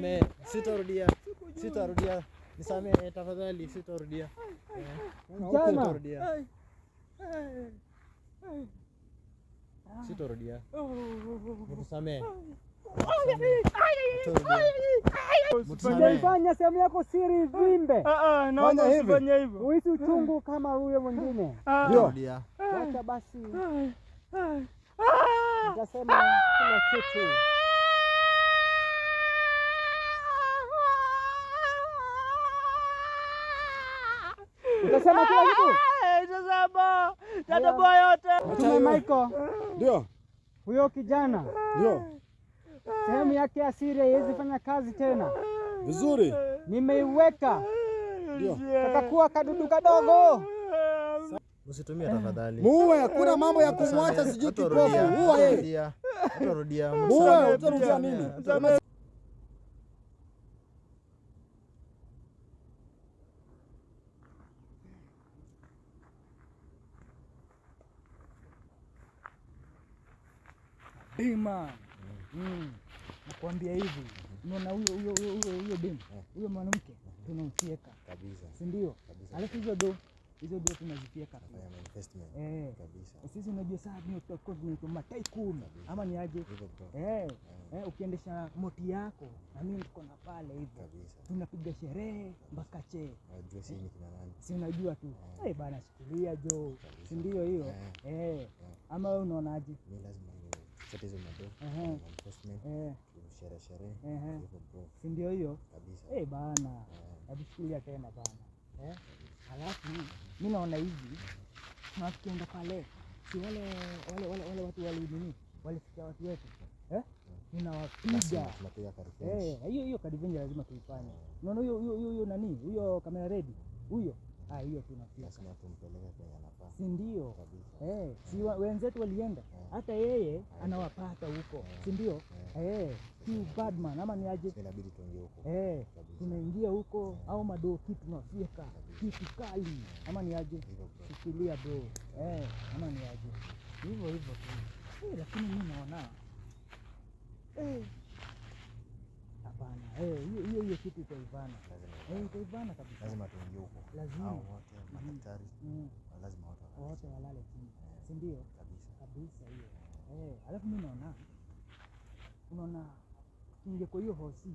nisamehe, sitarudia, sitarudia, nisamehe tafadhali, sitarudia. Sitarudia. Sitarudia. Nisamehe. Ujaifanya sehemu yako siri vimbe, fanya hivi, uhisi uchungu kama huyo mwingine. Acha basi, nitasema kila kitu. Utasema kila kitu? Eh, utasema tatoboa yote. Tuna Michael. Ndio. Huyo kijana. Ndio. Sehemu yake ya siri haiwezi fanya kazi tena. Vizuri. Nimeiweka. Ndio. Atakuwa kadudu kadogo. Usitumie tafadhali. Muue, hakuna mambo ya kumwacha sijui kipofu. Muue. Atarudia. Muue, utarudia mimi. Daima. Mm. Nakwambia hivi, unaona huyo huyo huyo huyo huyo demu, huyo mwanamke tunamfieka. Kabisa. Si ndio? Alafu hizo do hizo do tunazifieka pia. Investment. Eh. Kabisa. Sisi unajua saa ni ni tutakuwa tunaituma tycoon ama ni aje? Eh. eh. Eh, ukiendesha moti yako na mimi niko na pale hivyo. Tunapiga sherehe mpaka che. Unajua sisi ni kina nani? Si unajua tu. Eh, eh bana shikilia jo. Si ndio hiyo? Eh. eh. Ama wewe unaonaje? Mimi lazima sindio hiyo eh, bana, eh. nakushukulia tena bana. Halafu eh? mi naona hivi na tukienda pale, si wale watu walinini walifikia watu wetu ninawapiga hiyo hiyo. lazima tuifanye. Unaona huyo nani huyo, kamera redi huyo Ah, hiyo tunafika, eh, eh. eh. si ndio? Eh, si wenzetu walienda, hata yeye anawapata huko, si ndio? Eh, si badman ama ni aje? Eh, tunaingia huko au madoki tunafika kitu kali ama ni aje? Shikilia bro, eh, ama ni aje? Hivyo hivyo tu, lakini mimi naona eh itaivana eh, hiyo hiyo kitu itaivana, itaivana eh, kabisa, lazima tuingie huko, lazima wote mm. madaktari mm. lazima wote walale chini, eh, si ndio? Kabisa kabisa hiyo. Eh, Alafu mimi naona unaona, kwa hiyo hosi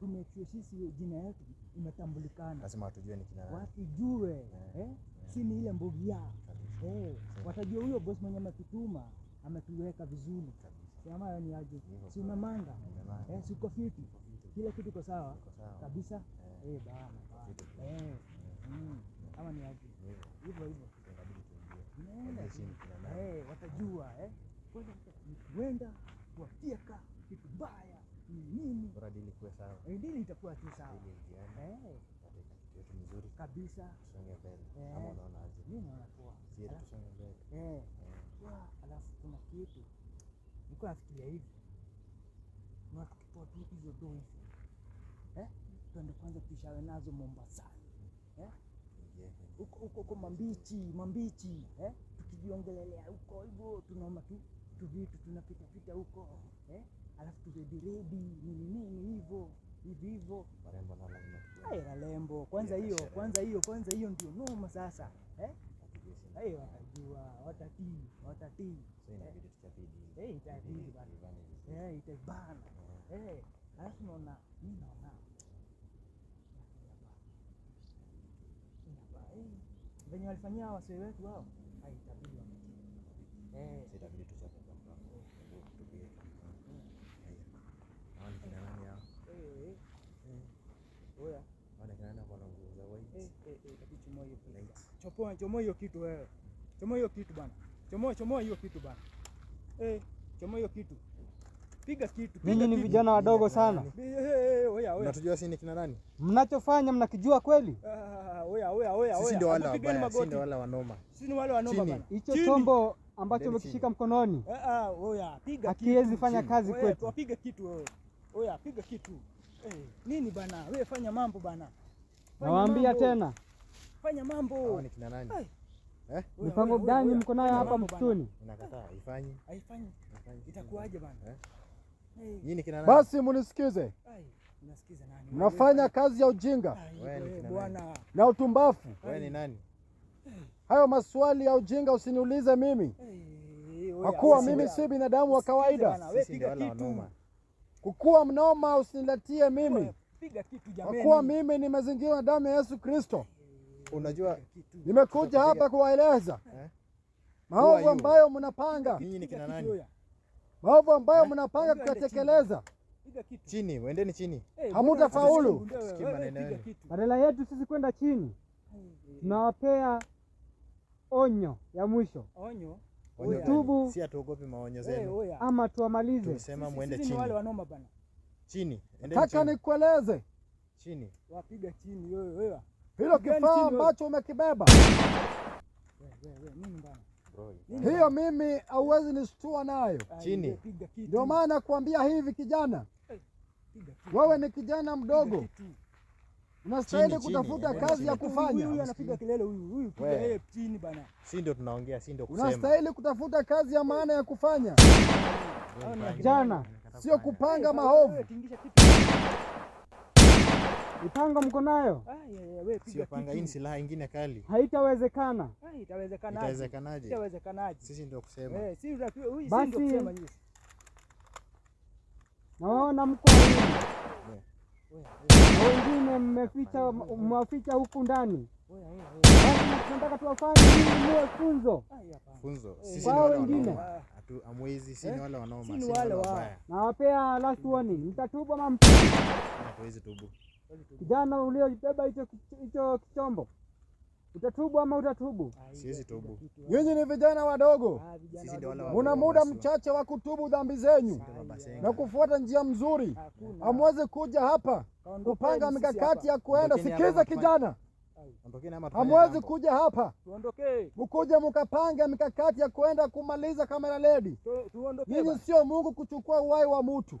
tumechue sisi jina yetu imetambulikana, lazima watujue ni kina nani, watujue si ni ile mbugia, eh, watajua huyo boss mwenye ametutuma ametuweka vizuri, kabisa. ama ni aje? Si umemanga, si uko fiti kila kitu iko sawa kabisa eh, eh bana eh, mm. ni aje eh. hivyo hivyo, eh, watajua eh, huenda kuwatia ka kitu baya ni nini, bora dili sawa, eh, dili itakuwa tu sawa eh mzuri kabisa, tusonge mbele unaona aje? Mimi naona poa, tusonge mbele eh. Alafu kuna kitu nilikuwa nafikiria hivi, na tukipoa tu hizo twende kwanza tuishawe nazo Mombasani eh? huko eh? huko mambichi mambichi eh? tukijiongelelea huko hivyo tunaoma tu tuvitu tunapita tunapitapita huko eh? alafu turediredi nini nini hivyo hivi hivyo la lembo kwanza hiyo kwanza hiyo kwanza hiyo ndio noma sasa eh? Hey, watajua watatii watatii eh? eh, itabidi bana alafu naona mi naona venye walifanyia wasee wetu hao, haitabidi wamechomoa. Chomoa hiyo kitu wewe, chomoa hiyo kitu bana, chomoa chomoa hiyo kitu bana, eh, chomoa hiyo kitu piga kitu. Ninyi ni vijana wadogo sana, eh, eh, mnatujua si ni kina nani? Mnachofanya mnakijua kweli? Ah, ndio wale wanoma. Sisi ni wale wanoma bana. Hicho chombo ambacho umekishika mkononi eh, ah, Akiwezi fanya kazi kwetu. Piga kitu wewe. Oya, piga kitu. Eh, nini bana? Wewe fanya mambo bana. Nawaambia tena. Fanya mambo. ni kina nani? Eh? Mipango gani mko nayo hapa msituni? Unakataa haifanyi. Haifanyi. Itakuwaje bana? Eh? kina nani? Basi munisikize mnafanya kazi ya ujinga ah, eh, na utumbafu. Eh. Hayo maswali ya ujinga usiniulize mimi, eh, kwa kuwa mimi si binadamu wa kawaida. Kukuwa mnoma usiniletie mimi, kwa kuwa mimi nimezingirwa damu ya Yesu Kristo. Unajua, nimekuja hapa kuwaeleza maovu ambayo mnapanga, maovu ambayo mnapanga kuyatekeleza. Chini, wendeni chini. Hey, eh, hamutafaulu. Badala yetu sisi kwenda chini, eh. tunawapea onyo ya mwisho. Onyo. Tubu. Si atuogope maonyo eh, zenu. Ama tuamalize. Tumesema muende chini. Wale wanaomba bana. Chini. Nataka nikueleze. Chini. Wapiga chini wewe wewe. Hilo kifaa ambacho umekibeba. Hiyo mimi hauwezi nishtua nayo. Ah, chini. Ndio maana nakwambia hivi kijana. Wewe ni kijana mdogo, unastahili kutafuta kazi ya kufanya. anapiga kelele Huyu huyu, yeye chini bana. Si ndio tunaongea? Si ndio kusema unastahili kutafuta kazi ya maana ya kufanya, jana sio kupanga maovu. Mipango mko nayo, ah, sio panga. Hii ni silaha ingine kali, haitawezekana. Haitawezekanaje? Ah, Sisi ndio kusema Eh, si si basi naona mko wengine mmeficha, mwaficha huku ndani. Tunataka tuwafanye nini? Muwe funzo eh, kwao wengine, nawapea last warning, mtatubu ama mp kijana uliobeba hicho kichombo Utatubu ama utatubu? Ah, Siwezi tubu. Nyinyi ni vijana wadogo, ah, muna muda mchache wa kutubu dhambi zenyu na kufuata njia mzuri. Hamwezi kuja hapa kupanga mikakati ya kuenda. Sikiza kijana, hamwezi kuja hapa mkuje mkapanga mikakati ya kuenda kumaliza kama Kamera ledi Nyinyi sio Mungu kuchukua uhai wa mutu.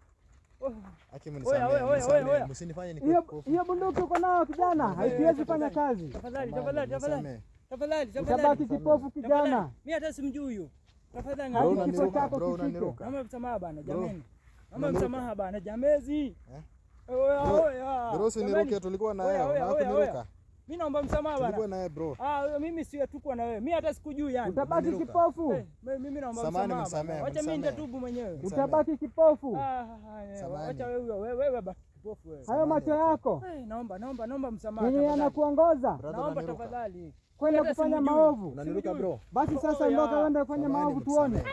hiyo bunduki uko nao kijana, haiwezi fanya kazi. Tafadhali, tafadhali, tafadhali, tafadhali, tafadhali. Utabaki kipofu kijana. Mimi hata simjui huyo. Tafadhali, hadi kifo chako kifike. Mama msamaha bana, jameni. Mama msamaha bana, jamezi. Eh? Bro, si niruke, tulikuwa na yeye. na kuniruka. Mimi naomba msamaha bwana. Tulikuwa naye bro. Ah, mimi si tuko na wewe. Mimi hata sikujui yani. Utabaki kipofu. Hey, eh, mimi naomba msamaha. Msamaha. Acha mimi nitatubu mwenyewe. Utabaki kipofu. Ah, ah, ah eh, acha wewe wewe wewe baki kipofu wewe. Hayo macho yako. Hey, eh, naomba naomba naomba msamaha. Yeye anakuongoza. Naomba tafadhali. Kwenda kufanya maovu. Unaniruka bro. Basi sasa ondoka uende kufanya maovu tuone.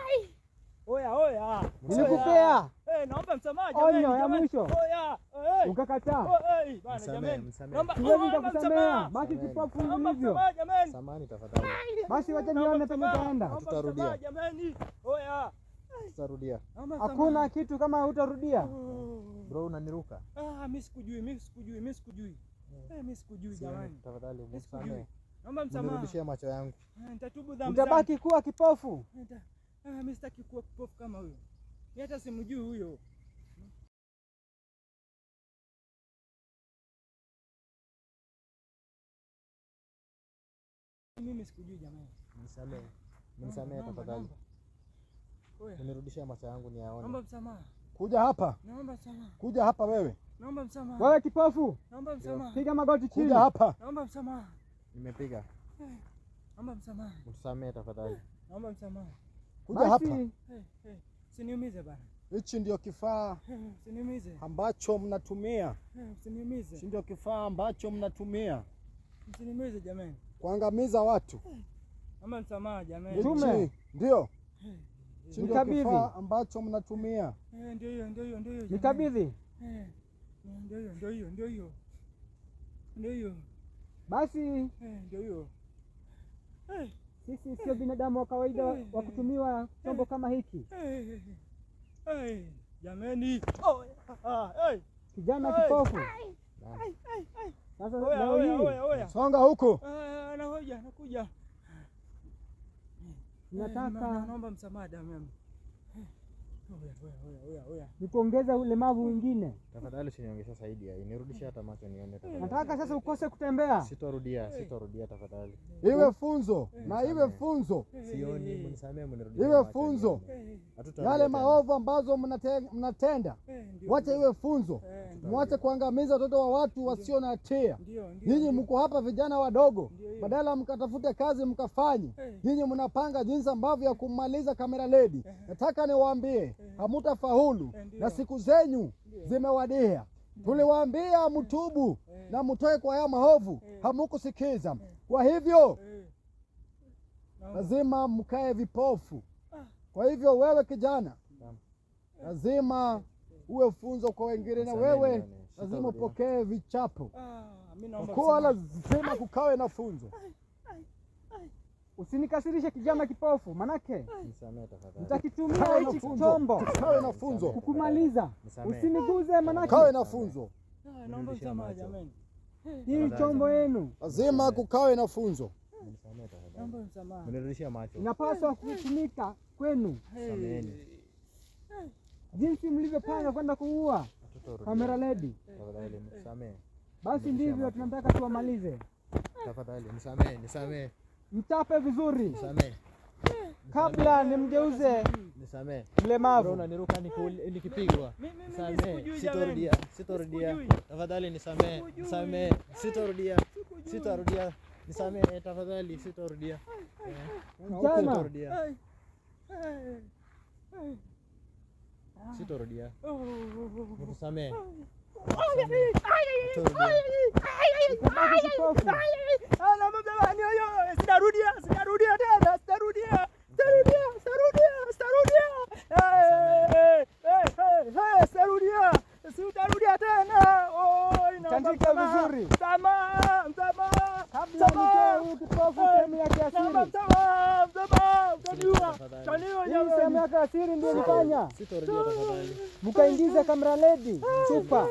Oya oya. Nimekupea. Eh, naomba msamaha onyo ya mwisho oh, eh. ukakataa, oh, nitakusamea basi. Kipofu hivyo basi, wacha nione penye taenda. Tutarudia, oh, hakuna kitu kama hutarudia. Bro, unaniruka mimi, ah, sikujui mimi, sikujui mimi, sikujui mimi, hmm. eh, sikujui jamani, tafadhali unisamehe. Naomba msamaha, nirudishie macho yangu, dhambi. Nitabaki kuwa kipofu. Mimi ah, sitaki kuwa kipofu kama huyo. Mimi hata simjui huyo. Mimi sikujui jamani. Nisamehe. Nisamehe tafadhali. Unirudishie macho yangu niyaone. Naomba msamaha. Kuja hapa. Naomba msamaha. Kuja hapa wewe. Naomba msamaha. Wewe kipofu. Naomba msamaha. Piga magoti chini. Kuja hapa. Naomba msamaha. Nimepiga. Naomba msamaha. Utusamehe tafadhali. Naomba msamaha. Kuja hapa. Hey, hey. Usiniumize bana. Hichi ndio kifaa ambacho mnatumia. Hichi ndio kifaa ambacho mnatumia Usiniumize jamani. Kuangamiza watu. Mama msamaha jamani. Tume. Ndio. Hichi ndio kifaa ambacho mnatumia. Eh, Ndio hiyo, ndio hiyo, ndio hiyo. Nikabidhi. Eh. Ndio hiyo, ndio hiyo, ndio hiyo. Ndio hiyo. Basi. Eh, Ndio hiyo. Eh. Sisi sio binadamu wa kawaida wa kutumiwa chombo kama hiki. Jameni, kijana kipofu. Sasa songa huko, ah, anakuja. Nataka eh, naomba msamaha mimi. Nikuongeza ulemavu mwingine. Tafadhali usiniongeza zaidi. Nirudishe hata macho nione Nataka sasa ukose kutembea. Sitarudia, sitarudia tafadhali. Iwe funzo na iwe funzo. Sioni, mnisamee mnirudie. Iwe funzo. Yale maovu ambazo mnatenda. Wacha iwe funzo. Mwache kuangamiza watoto wa watu wasio na hatia. Nyinyi mko hapa vijana wadogo. Badala mkatafute kazi mkafanye. Nyinyi mnapanga jinsi ambavyo ya kumaliza kamera ledi Nataka niwaambie Eh. hamutafaulu eh, na siku zenyu zimewadia. Tuliwaambia eh. mtubu na mtoe kwa haya maovu, hamukusikiza. Kwa hivyo lazima mkae vipofu. Ah. Kwa hivyo wewe kijana, lazima uwe funzo kwa wengine, na wewe lazima upokee vichapo, ah, kwa kuwa lazima kukawe na funzo. Usinikasirishe kijana kipofu, manake nitakitumia hichi chombo kukumaliza. Usiniguze, manake kawe na funzo. Hii chombo yenu lazima kukawe na funzo, inapaswa kutumika kwenu jinsi mlivyopanga kwenda kuua kamera ledi. Basi ndivyo tunataka tuwamalize. Tafadhali msamehe, nisamehe mtape vizuri Nisamee. kabla nimgeuze Nisamehe. mlemavu. Unaniruka nikipigwa. Nisamehe, sitorudia, sitorudia. Tafadhali nisamehe, nisamehe, sitorudia, sitorudia. nisamee tafadhali, sitorudia. Eh, Mchana Sitorudia, sitorudia. Mtusamehe. Oh, oh, oh, Sitarudia, sitarudia vizuri, msamaha, msamaha, kabla utoe ndio ulifanya, mkaingiza kamera ledi chupa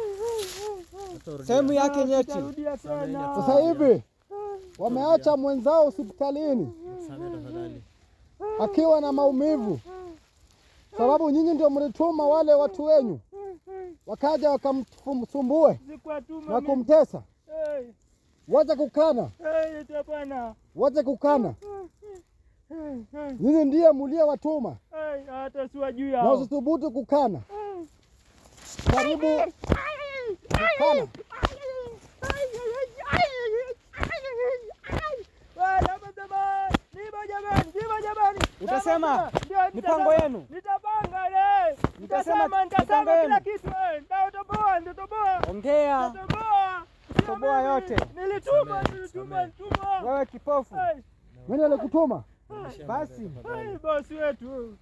sehemu yake nyeti. Sasa hivi wameacha mwenzao hospitalini akiwa na maumivu, sababu nyinyi ndio mlituma wale watu wenyu wakaja wakamsumbue na kumtesa. Wacha kukana, wacha kukana. Nyinyi ndiye mulie watuma na usithubutu kukana. Karibu Toma. Utasema mipango yenu. Nitapanga leo. Nitasema nitasema kila kitu. Nitatoboa, nitatoboa. Ongea. Nitatoboa. Toboa yote. Nilituma, nilituma, nilituma. Wewe kipofu. Nani alikutuma? Basi. Bosi wetu.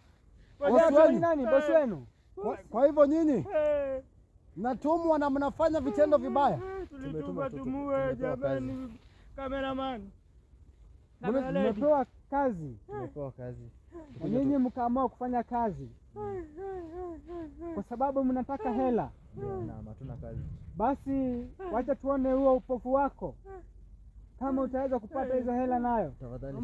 Bosi wenu nani? Bosi wenu. Kwa hivyo nyinyi natumwa na mnafanya vitendo vibaya. Mm, mm, Tulitumwa tumue, jamani, kameramani mmepewa kazi, mmepewa kazi na nyinyi mkaamua kufanya kazi kwa sababu mnataka hela. Na hatuna kazi. Basi wacha tuone huo upofu wako kama utaweza kupata hizo hela nayo. Tafadhali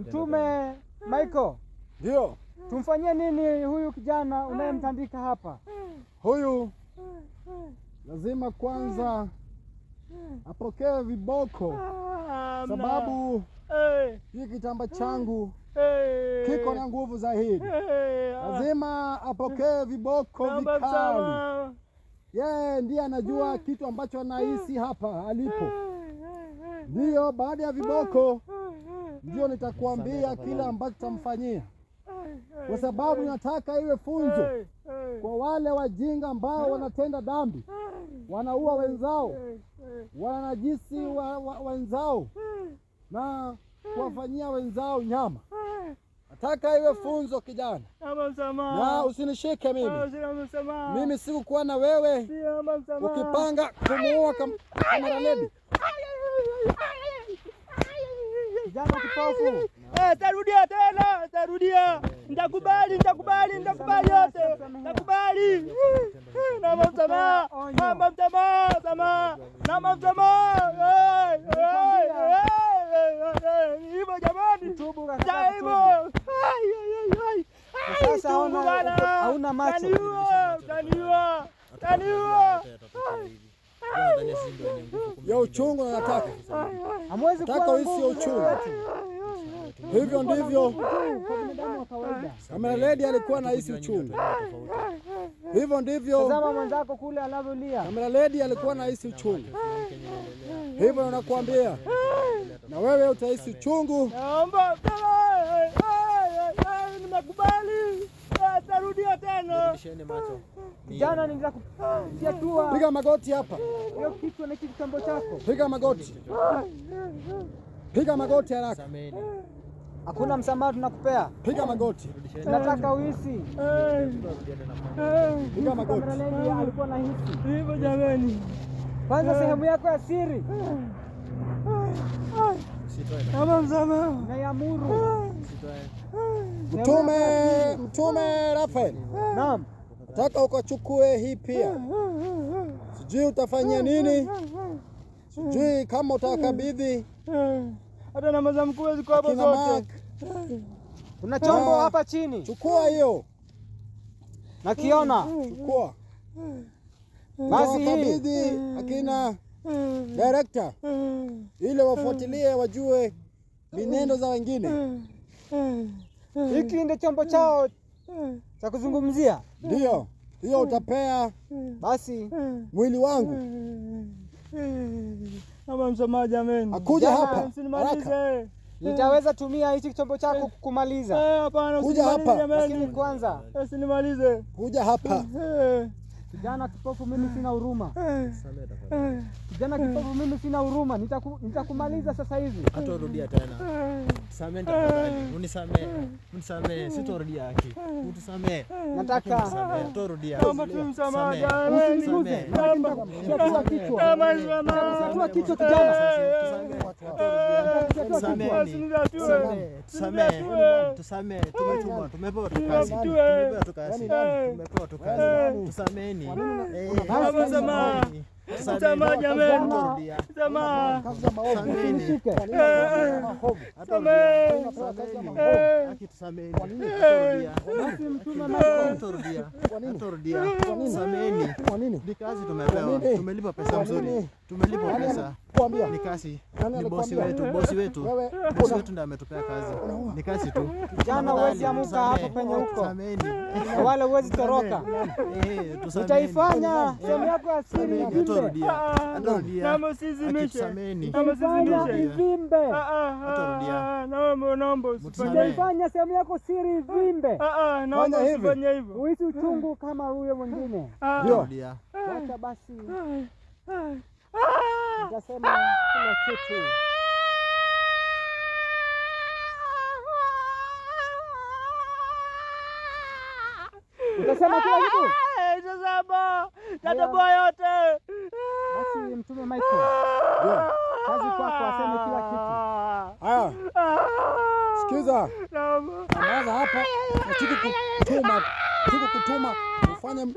Mtume Michael, ndio Tumfanyie nini huyu kijana mm. unayemtandika hapa? Mm. Huyu mm. lazima kwanza apokee viboko, ah, sababu eh. hii kitamba changu eh. kiko na nguvu zaidi. Eh, lazima apokee viboko vikali. Yeye ndiye anajua kitu ambacho anahisi hapa alipo. Ndiyo, baada ya viboko ndio nitakuambia kile ambacho tamfanyia kwa sababu nataka iwe funzo kwa wale wajinga ambao wanatenda dhambi, wanaua wenzao, wananajisi wa, wa, wenzao na kuwafanyia wenzao nyama. Nataka iwe funzo kijana, na usinishike mimi. Mimi sikukuwa na wewe ukipanga kumuua Kamaranebi kijana kipofu nitarudia tena, nitarudia, nitakubali, nitakubali, nitakubali yote, nitakubali. Eh, naomba msamaha, naomba msamaha, msamaha, naomba msamaha hivyo jamani, cha hivyo hauna macho, taniua, taniua, ya uchungu nataka, amwezi kuwa uchungu Hivyo ndivyo kama Kameraledi alikuwa anahisi uchungu. Hivyo ndivyo mwenzako kule anavyolia. Kama lady alikuwa anahisi uchungu. Hivyo nakwambia na wewe utahisi uchungu. Naomba nimekubali, Atarudia tena jana, nitakufiatua. Piga magoti hapa, hiyo kitu ni hicho kitambo chako. Piga magoti, piga magoti haraka. Hakuna msamaha tunakupea. Piga magoti. Nataka uhisi. Piga magoti. Alikuwa na hisi. Hivyo jamani. Kwanza sehemu yako ya siri. na msamaha. Naiamuru. Mtume Mtume Rafael. Naam. Nataka ukachukue hii pia. Sijui utafanya nini. Sijui kama utakabidhi. Hata namba mkuu ziko hapo zote. Kuna chombo ah, hapa chini. Chukua hiyo. Nakiona. Chukua. Basi kabidhi akina director ile wafuatilie wajue minendo za wengine. Hiki ndio chombo chao cha kuzungumzia. Ndio. Hiyo utapea basi mwili wangu. Ama msamaha jameni. Akuja hapa. Haraka. Nitaweza tumia hichi chombo chako eh, kumaliza. Eh, hapana, Kuja hapa. Lakini kwanza eh, Kuja hapa. Kijana kipofu mimi sina huruma. Kijana kipofu mimi sina huruma. nitakumaliza sasa hivi. Hatorudia tena. Samehe tafadhali. unisamee, Unisamehe. Sitorudia haki. utusamee, Nataka. Torudia. Naomba tu msamaha. Usiniguze. Nitakuwa kichwa. Nitakuwa kichwa kijana. Tusamehe. tusamee, Tumetumwa. Tumepewa tu Tumepewa tu kazi. Tumepewa tu kazi. Nini? Hey, Msamaha jamani, msamaha. Ni kazi tumepewa, tumelipa pesa mzuri, tumelipa pesa ni kazi, ni bosi wetu, bosi wetu, bosi wetu ndiye ametupea kazi, ni kazi tu. Kijana, huwezi amuka hapo penye huko, wala huwezi toroka, utaifanya sehemu yako asiri Ah, ah, ivimbe, ah, sehemu yako siri ivimbe. Fanya hivi uhisi uchungu kama huyo mwingine. basi, nitasema kila kitu. Utasema kila kitu. Yesu sema tatoboa yote. Basi mtume Michael, kazi kwako, aseme kila kitu. Haya, sikiza, amaza hapa kutuma tukukutuma, kutuma ufanye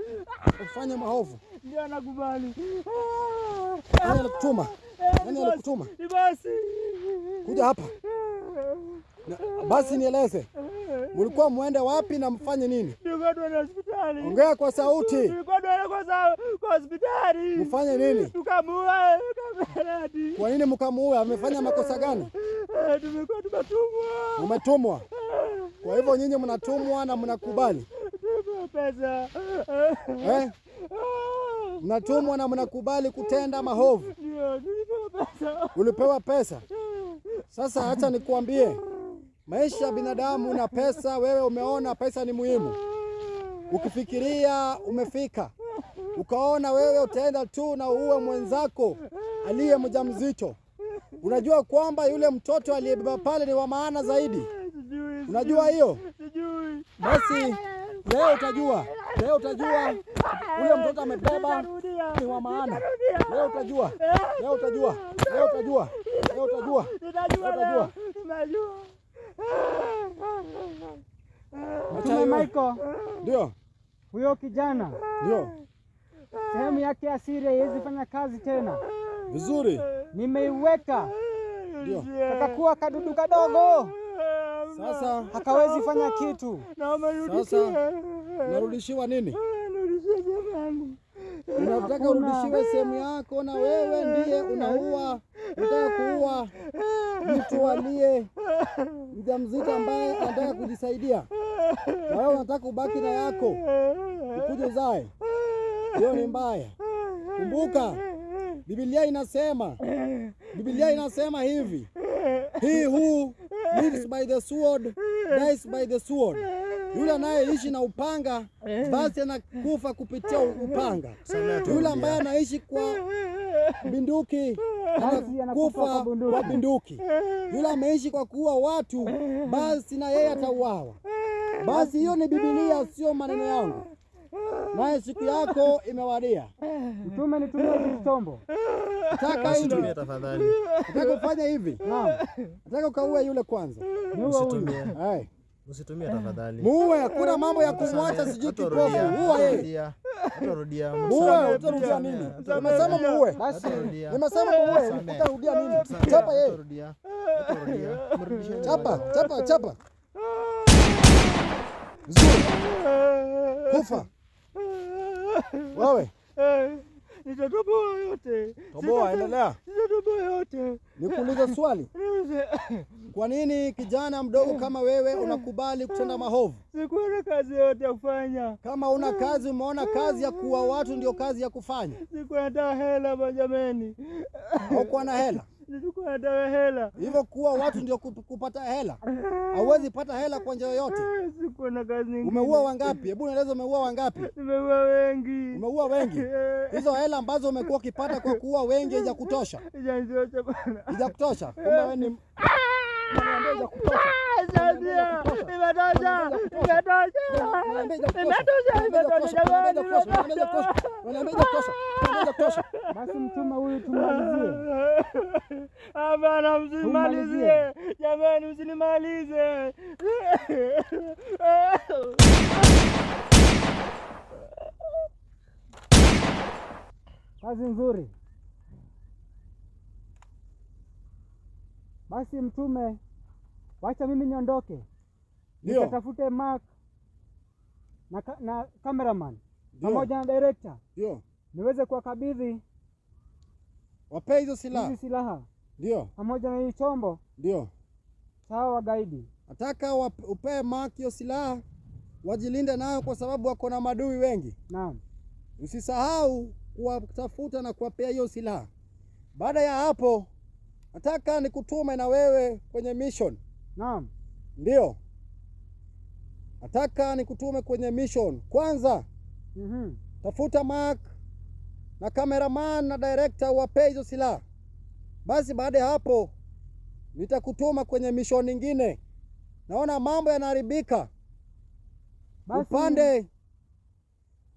ufanye maovu. Ndio nakubali. Nani alikutuma? Nani alikutuma? Ni basi kuja hapa basi, nieleze Mlikuwa muende wapi na mfanye nini? Nilikuwa twende hospitali. Ongea kwa sauti. Nilikuwa twende kwa hospitali. Mfanye nini? Tukamuua Kamerati. Kwa nini mkamuua? Amefanya makosa gani? Eh, tumekuwa tumetumwa. Umetumwa. Kwa hivyo nyinyi mnatumwa na mnakubali. Pesa. Eh? Mnatumwa na mnakubali kutenda mahovu. Ulipewa pesa. Sasa acha nikuambie maisha ya binadamu na pesa. Wewe umeona pesa ni muhimu, ukifikiria umefika, ukaona wewe utaenda tu na uue mwenzako aliye mjamzito. Unajua kwamba yule mtoto aliyebeba pale ni wa maana zaidi. Unajua hiyo? Basi leo utajua, leo utajua yule mtoto amebeba ni wa maana. Leo utajua, leo utajua, leo utajua, leo utajua, leo utajua. Mtume Michael, ndio huyo kijana, ndio sehemu yake ya siri haiwezi fanya kazi tena vizuri, nimeiweka ndio. Katakuwa kadudu kadogo sasa, hakawezi fanya kitu. Sasa narudishiwa nini? unataka urudishiwe sehemu yako, na wewe ndiye unaua, unataka kuua mtu aliye mjamzito ambaye anataka kujisaidia, na wewe unataka ubaki na yako ukuje uzae. Hiyo ni mbaya. Kumbuka Biblia inasema, Biblia inasema hivi, he who lives by the sword dies by the sword. Yule anayeishi na upanga basi anakufa kupitia upanga. Yule ambaye anaishi kwa binduki anakufa kwa binduki Yule ameishi kwa kuua watu basi na yeye atauawa. Basi hiyo ni Biblia, sio maneno yangu. Naye siku yako imewadia. Mtume, nitumie kichombo. Nataka hivi, nataka ufanye hivi, nataka ukaue yule kwanza. Usitumie. Usitumie tafadhali. Muue, hakuna mambo ya kumwacha sijui kipofu. Muue. Atarudia. Muue, utarudia nini? Nimesema muue. Basi. Nimesema muue, utarudia nini? Chapa yeye. Atarudia. Atarudia. Chapa, chapa, chapa. Zuri. Kufa. Wewe nitatoboa yote. Toboa, endelea. Nitatoboa yote. Nikuulize swali, kwa nini kijana mdogo kama wewe unakubali kutenda mahovu? Sikuwa na kazi yote ya kufanya. Kama una kazi, umeona kazi ya kuua watu ndio kazi ya kufanya? Sikuwa na hela, Benjamini. Haukuwa na hela? Nilikuwa na hela. Hivyo kuwa watu ndio kupata hela? Hauwezi pata hela kwa njia yoyote. Sikuwa na kazi nyingine. Umeua wangapi? Hebu nieleze, umeua wangapi? Nimeua wengi kuua wengi, hizo hela ambazo umekuwa ukipata kwa kuua wengi haijakutosha, kutosha ija kutosha ni basi mtuma huyu tumalizie. Hapana, msinimalizie jamani, msinimalize. Kazi nzuri. Basi mtume, wacha mimi niondoke nikatafute mark na, na cameraman pamoja na director ndio niweze kuwakabidhi wapee hizo silaha, hizi silaha ndio pamoja na hii chombo ndio sawa. Wagaidi nataka upee mark hiyo silaha wajilinde nayo, kwa sababu wako na madui wengi. Naam, usisahau kuwatafuta na kuwapea hiyo silaha. Baada ya hapo, nataka nikutume na wewe kwenye mission. Naam, ndio nataka nikutume kwenye mission. Kwanza mm -hmm. tafuta mark na cameraman na director uwapee hizo silaha. Basi baada ya hapo nitakutuma kwenye mission nyingine. Naona mambo yanaharibika upande,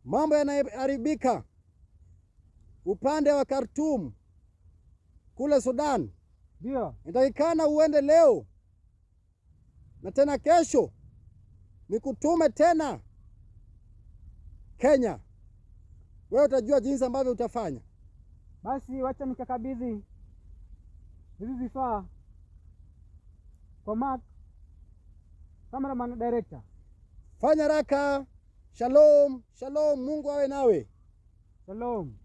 mambo yanaharibika upande wa Khartoum kule Sudan, ndio inatakikana uende leo na tena kesho nikutume tena Kenya. Wewe utajua jinsi ambavyo utafanya. Basi wacha nikakabidhi hizi vifaa kwa Mark, cameraman director. Fanya raka. Shalom, shalom. Mungu awe nawe. Shalom.